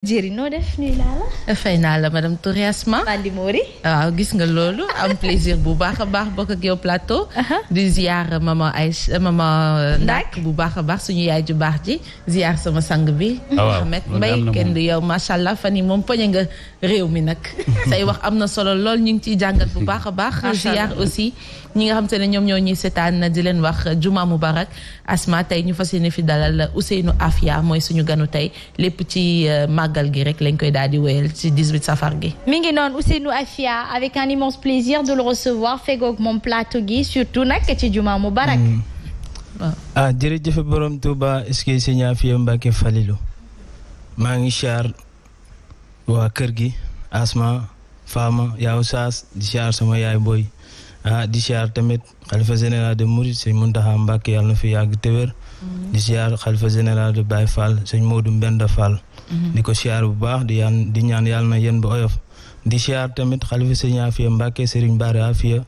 jëri noo def nuyu naa la. fay naa la madame Touré Asma. Bandi Mori. waaw gis nga loolu am plaisir bu baax a baax bokk ak yow di ziar maman Aïcha euh, maman Ndak bu baax a baax suñu yaay ju baax ji ziar sama sang bi. Ah waaw mbay kenn du yow macha allah fan yii moom poñe réew mi nag. say wax am na solo lool ñu ngi ciy jàngat bu baax a baax. ziar ñi nga xam te ne ñoom ñoo ñuy seetaan di leen wax juma mubarak Asma tey ñu fas yéene fi dalal Ousseynou Afia mooy suñu ganu tey lépp ci euh, mag. màggal gi rek lañ koy daal di wéyal ci 18 safar gi. mi ngi noonu Ousseynou Afia avec un immense plaisir de le recevoir fegoog moom plateau gi surtout nag ci juma mubarak. Mm. ah jërëjëf borom Touba ba ce que sëñ Afia Mbacke Falilou maa ngi siyaar waa kër gi Asma Fama yaw saas di siyaar sama yaay booy. ah di siyaar tamit xalifa général de Mouride sëñ Muntaxa Mbàkke yàlla na fi yàgg te wér mm-hmm. di siyaar xalifa général de Baye Fall sëñ Modou Mbenda Fall mm-hmm. di ko siyaar bu baax di yaan di ñaan yàlla na yéen ba oyof di siyaar tamit xalifa sëñ Afiya Mbàkke sëriñ Baare Afiya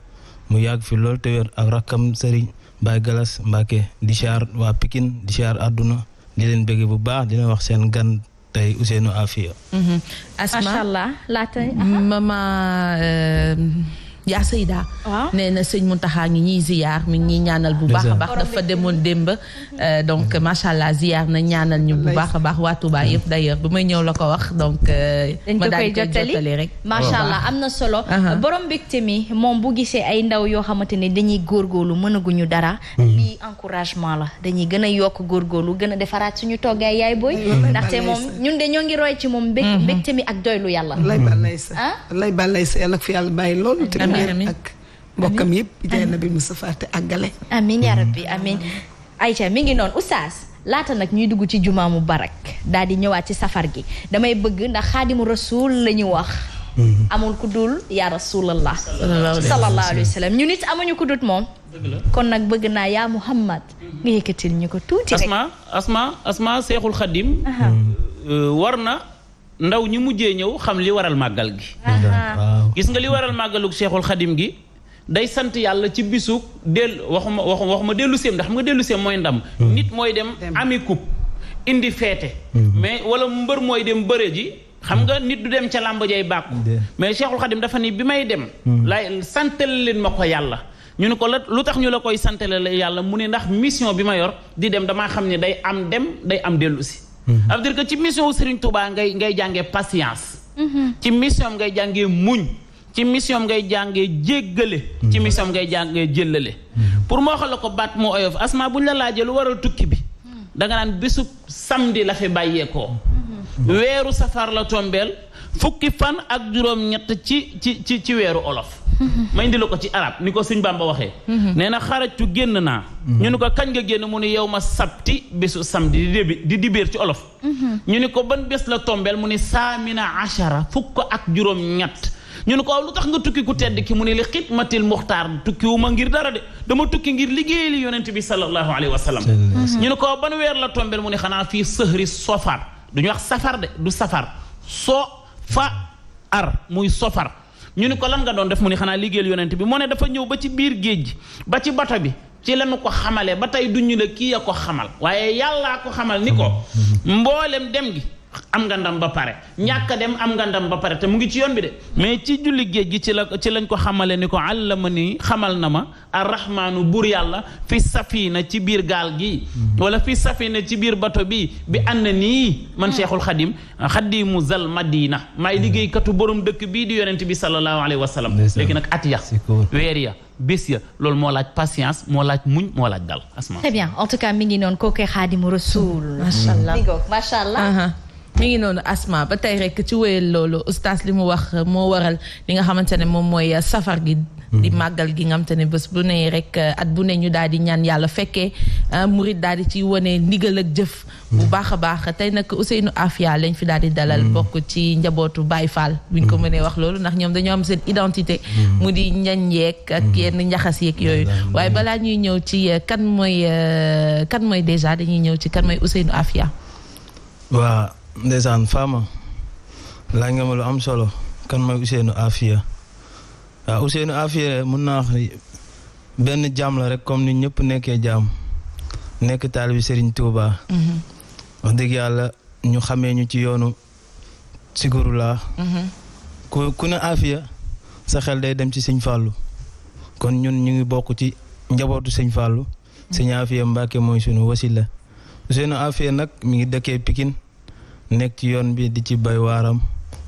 mu yàgg fi lool te wér ak rakkam sëriñ Baye Galas Mbàkke di siyaar waa Pikine di siyaar àdduna di leen bëgge bu baax di wax seen gan tey Ousseynou Afiya. Mm-hmm. Asma allah yaa Seyda ah. ne na sëñ Mountakha ngi ñuy ziyaar mi ngi ñuy ñaanal bu baax a baax dafa demoon démb euh, donc macha allah ziyaar na ñaanal ñu bu baax a baax waa baax yëpp d'ailleurs bu may ñëw la ko wax donc euh, ma daal koy jottali rek macha am na solo borom mbégte mi moom bu gisee ay ndaw yoo xamante ne dañuy góorgóorlu mënaguñu dara mm-hmm. lii encouragement la dañuy gën a yokk góorgóorlu gën a defaraat suñu toggaay yaay booy mm-hmm. ndaxte moom mm-hmm. ñun de ñoo ngi roy ci moom mbégte mi ak doylu yàlla lay bàl ah? lay sa yàlla fi yàlla bàyyi loolu amiin ak mbokkam yëpp. amiin na bi Moussa Faté àggale. amiin yaa mm. rabbi amiin. Aïcha mi ngi noonu oustaz laata nag ñuy dugg ci jumaa mu barak daal di ñëwaat ci safar gi damay bëgg ndax xaadimu rasul la ñu wax. Mm-hmm. amul ku dul yaa rasulallah. sallallahu alayhi wa sallam ñu nit amuñu ku moom. kon nag bëgg naa yaa Muhammad. nga yëkkatil ñu ko tuuti rek asma asma asma seexul xadim euh, war na. ndaw ñi mujjee ñëw xam li waral màggal gi gis nga li waral màggalug Seexul Xadim gi day sant yàlla ci bisu del waxuma waxu waxuma dellu seem ndax xam nga dellu seem mooy ndam hmm. nit mooy dem ami coupe indi feete hmm. mais wala mbër mooy dem bëre ji xam nga hmm. nit du dem ca làmb jay bàkku mais Cheikhul Khadim dafa nii bi may dem lay santale leen ma ko yàlla ñu ne ko la lu tax ñu la koy santale la yàlla mu ne ndax mission bi ma yor di dem damaa xam ne day am dem day am dellu Mhm. ça veut dire que ci mission Serigne Touba ngay ngay jàngee patience. Mhm. ci mission ngay jàngee muñ. ci mission ngay jàngee jéggale. Mhm. ci mission ngay jàngee jëllale. pour moo xala ko baat mu oyof asma buñ la laajee lu waral tukki bi. danga naan bésub samedi la fi bàyyeekoo. weeru safar la tombeel fukki fan ak juróom-ñett ci ci ci ci weeru olof. ma indi la ko ci arab ni ko sëñ Bamba waxee mhm. nee na xarajtu génn naa mhm. ñu ni ko kañ ga génn mu ni yow ma sabti bésu sam di débi ci olof mhm. ñu ni ko ban bés la tombeel mu ni saamina achara fukk ak juróom ñett ñu ni ko waaw lu tax nga tukki ku tedd ki mu ni li xidmatil muxtaar tukki ma ngir dara de dama tukki ngir liggéey li yonent bi sallallahu alayhi wa sallam ñu ni ko waaw ban weer la tombeel mu ni xanaa fii sëhri sofar du ñu wax safar de du safar so fa ar muy ñu ni ko lan nga doon def mu ni xanaa liggéeyal yonent bi moo ne dafa ñëw ba ci biir géej gi ba ci bata bi ci lañu ko xamalee ba tey duñu la kii a ko xamal waaye yàlla yàllaa ko xamal ni ko mboolem dem gi am nga ndam ba pare ñàkk dem am nga ndam ba pare te mu ngi ci yoon bi de mais ci julli géej gi ci la ci lañ ko xamale ni ko àllama ni xamal na ma arrahmaanu buur yàlla fi safina ci biir gaal gi wala fi safina ci biir bato bi bi ànd nii man hmm. cheikhul xadim xadimu zal madina maay hmm. katu borom dëkk bi di yonent bi sallallahu alayhi wa sallam léegi nag at ya weer ya bés ya loolu moo laaj patience moo laaj muñ moo laaj dal asma très ngi noonu kooku xaadimu rasul hmm. macha allah allah uh-huh. mi ngi noonu asma ba tey rek ci wéyal loolu ustaas li mu wax moo waral li nga xamante ne moom mooy safar gi di mm-hmm. màggal gi nga xamante ne bés bu ne rek uh, at bu ne ñu daal di ñaan yàlla fekkee uh, murit daal di ci wane ndigal ak jëf bu mm-hmm. baax a baax tey nag Ousseynou Afia lañ fi daal di dalal mm-hmm. bokk ci njabootu Baye bu ñu ko mënee wax loolu ndax ñoom dañoo am seen identité mu di ñañ yeeg ak yenn njaxas yeeg yooyu waaye balaa ñuy ñëw ci uh, kan mooy kan mooy déjà dañuy ñëw ci kan mooy Ousseynou Afia ndeysaan Fama laaj nga ma lu am solo kan mooy Ousseynou Afia waaw Ousseynou Afia mun naa benn jaam la rek comme ni ñëpp nekkee jaam nekk taalibi Serigne Touba. Mhm. wax dëgg yàlla ñu xamee ñu ci yoonu Sikuru laa. Mhm. ku ku ne Afia sa xel day dem ci Sëñ Fàllu kon ñun ñu ngi bokk ci njabootu Sëñ Fàllu Sëñ Afia Mbàkke mooy sunu wasila Ousseynou Afia nag mi ngi dëkkee Pikine nekk ci yoon bi di ci bay waaram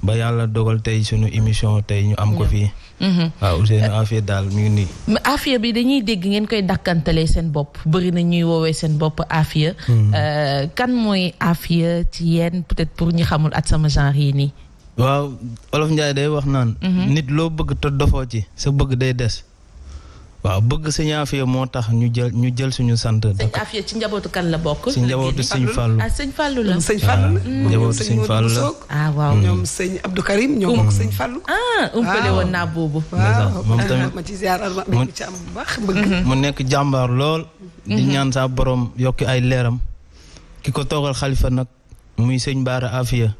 ba yàlla dogal tey sunu émission tey ñu am ko mm-hmm. fii. Mm-hmm. waaw Ousseynou Afia daal mi nii. Afia bi dañuy dégg ngeen koy dakkantalee seen bopp bëri na ñuy woowee seen bopp Afia. Mm-hmm. Euh, kan mooy Afia ci yéen peut-être pour ñi xamul at sama genre yi nii. waaw Olof Njaay day wax naan. nit loo bëgg te dofoo ci sa bëgg day des. waaw bëgg sëñ Afia moo tax ñu jël ñu jël suñu sant. sëñ Afia ci njabootu kan la bokk. ci njabootu sëñ Fallou ah sëñ Fallou la. sëñ Fallou la mm. njabootu sëñ Fallou la. ah waaw mm. ñoom sëñ Abdou mm. ah, naa ah. boobu. waaw ma ci ziar ma mm-hmm. mu nekk jàmbaar lool. di mm-hmm. ñaan saa borom yokki ay leeram. ki ko toogal xalifa nag. muy sëñ Baara Afia.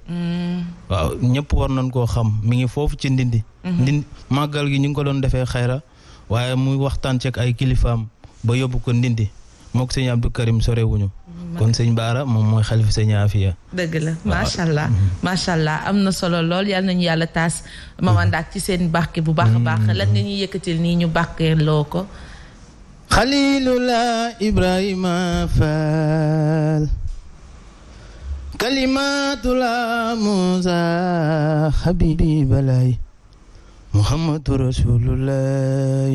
waaw ñëpp war nañ xam mi ngi foofu ci ndindi. Mm-hmm. ndindi màggal gi ñu ngi doon defee xayra waaye muy waxtaan ceeg ay kilifaam ba yóbbu ko ndindi mook sëñ Abdou Karim sorewuñu mm-hmm. kon sëñ Baara moom mooy xalifa sëñ Afia dëgg la macha allah mm-hmm. macha allah am na solo lool yal nañu yàlla taas mama mm-hmm. ndaak ci seen barke bu baax a baax lan nga ñuy yëkkatil nii ñu barkeeloo ko xalilullah ibrahima faal kalimatullah musa habibi balay muhammadu rasulullah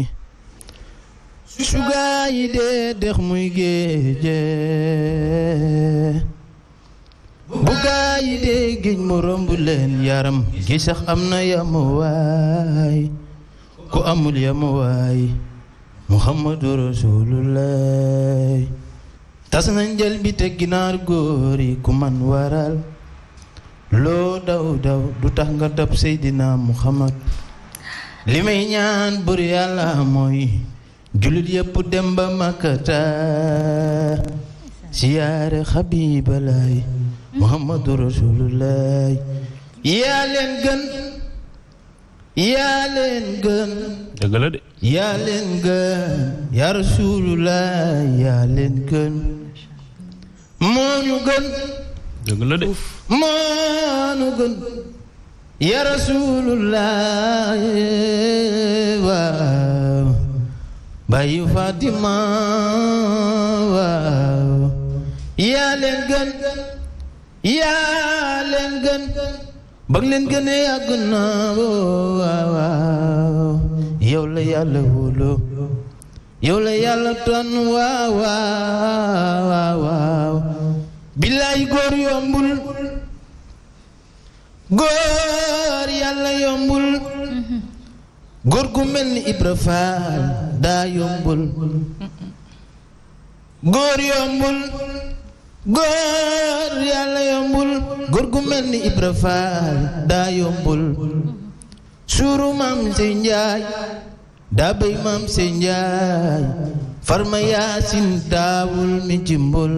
sugaa yi dex muy géeje bugaa yi dee mu romb leen yaram gi sax am na yamuwaay ku amul yamuwaay muhammadu rasulullah tas na njël bi te ginaar góor yi ku man waral loo daw daw du tax nga dab seydina muhammad li may ñaan bur yàlla mooy jullit yépp dem ba makkata siyaare xabibalaay muhammadu rasulullaay yaa yaa leen gën la de yaa leen gën yaa rasulullaay yaa leen gën moo gën ya rasulullah wa bayu Fatima wa yaa leen gën yaa leen gën bëgg leen gën a yàgg na waaw yow la yàlla ton waaw waaw waaw billaay góor yombul góor góor gu mel ni Ibra Faal daa yombul góor mel ni Ibra Faal daa yombul suuru maam sey daa béy maam sey farma yaasin daawul mi jimbul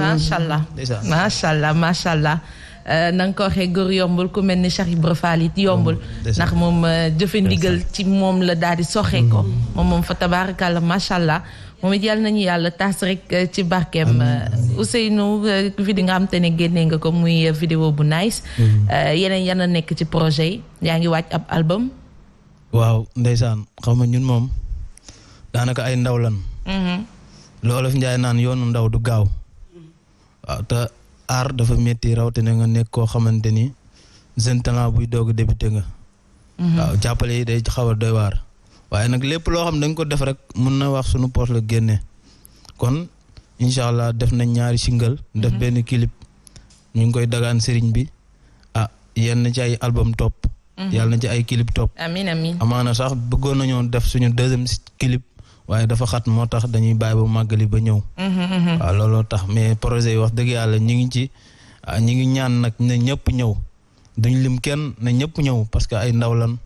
macha allah macha macha allah Euh, na nga ko waxee góor yombul ku mel ni Cheikh Ibra Fall it yombul ndax moom euh, jëfe ndigal ci moom la daal di soxe ko mm-hmm. moom moom fa tabaarakàlla macha allah moom it yàlla nañu yàlla taas rek euh, ci barkeem Ousseynou vidéo nga xam ne génnee nga ko muy vidéo bu nice mm-hmm. yeneen yana nekk ci projet yi yaa ngi wàcc ab album waaw ndeysaan xam nga ñun moom daanaka ay ndaw lan mm-hmm. lu olof njaay naan yoonu ndaw du gaaw aar dafa métti rawatina nga nekk koo xamante ni jeune talent buy doog a débuté nga. Mhm. waaw jàppale yi day xaw a doy waar. waaye nag lépp loo xam da nga ko def rek mun na wax sunu poche la génne kon incha allah def na ñaari single. def mhm. benn clip ñu ngi koy dagaan sëriñ bi ah yal na ci ay album topp. Mhm. yal na ci ay clip topp. amaana sax bëggoon nañoo def suñu deuxième clip. waaye dafa xat moo tax dañuy bàyyi ba màggali ba ñëw. Mm-hmm. waaw looloo tax mais projet yi wax dëgg yàlla ñu ngi ci ah, ñu ngi ñaan nag ne ñëpp ñëw duñ lim kenn ne ñëpp ñëw parce que ay ndaw lan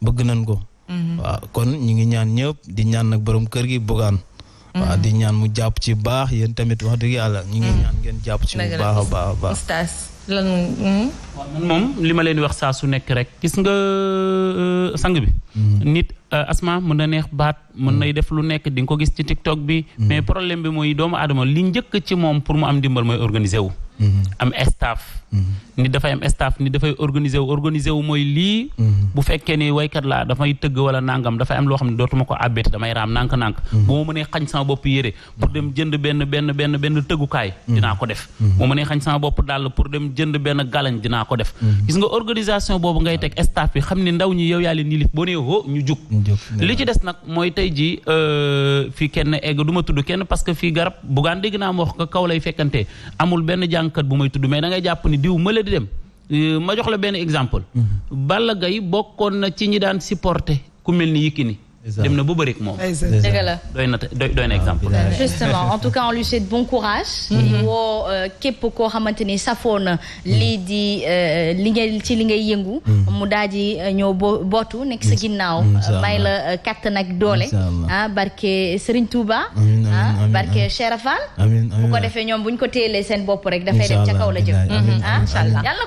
bëgg nañ ko. Mm-hmm. waaw kon ñu ngi ñaan ñëpp di ñaan nag borom kër gi bugaan. Mm-hmm. waaw di ñaan mu jàpp ci baax yéen tamit wax dëgg yàlla. ñu ngi ñaan ngeen jàpp ci bu baax a baax a baax. Hmm? moom li ma leen wax saa su nekk rek gis nga euh, sang bi. Hmm. nit euh, asma mën na neex baat mën nay hmm. def lu nekk di nga ko gis ci tiktok bi. mais problème bi mooy doomu aadama li njëkk ci moom pour mu am dimbal mooy organiser wu. am staff. Mm-hmm. ni dafay am staff ni dafay organiser wu organiser wu mooy lii. Mm-hmm. bu fekkee ni waykat laa dafay tëgg wala nangam dafay am loo xam ne dootuma ko àbbeeti damay raam nànk-nànk. Mm-hmm. bu ma mënee xañ sama bopp yére pour dem jënd benn benn benn benn tëggukaay. dinaa ko def. bu ma mënee xañ sama bopp dàll pour dem jënd benn galañ dinaa ko def. gis nga organisation boobu ngay teg staff bi xam ne ndaw ñi yow yaa leen yilif boo nee ho ñu jug. li ci des nag mooy tey ji euh, fii kenn egg du ma tudd kenn parce que fii garab bugaan dégg naa ma kaw lay fekkante amul benn jàng kat bu may tudd mais da ngay jàpp ni diw mële di dem euh, ma jox la benn exemple mhm. Balla Gaye bokkoon na ci ñi daan supporter ku mel ni Yékini dem na bu bëri moom. dëgg la doy na doy na ah, exemple. justement en tout cas on lui bon courage. woo mhm. euh, képp koo xamante ni safoo na mhm. lii di euh, li ngay ci li ngay yëngu. Mhm. mu daal di euh, ñëw bootu nekk sa ginnaaw. may la kàttan ak doole. ah barke Serigne Touba. ah barke Cheikh Rafal. bu ko defee ñoom bu ñu ko téelee seen bopp rek. dafay dem ca la jëm. ah incha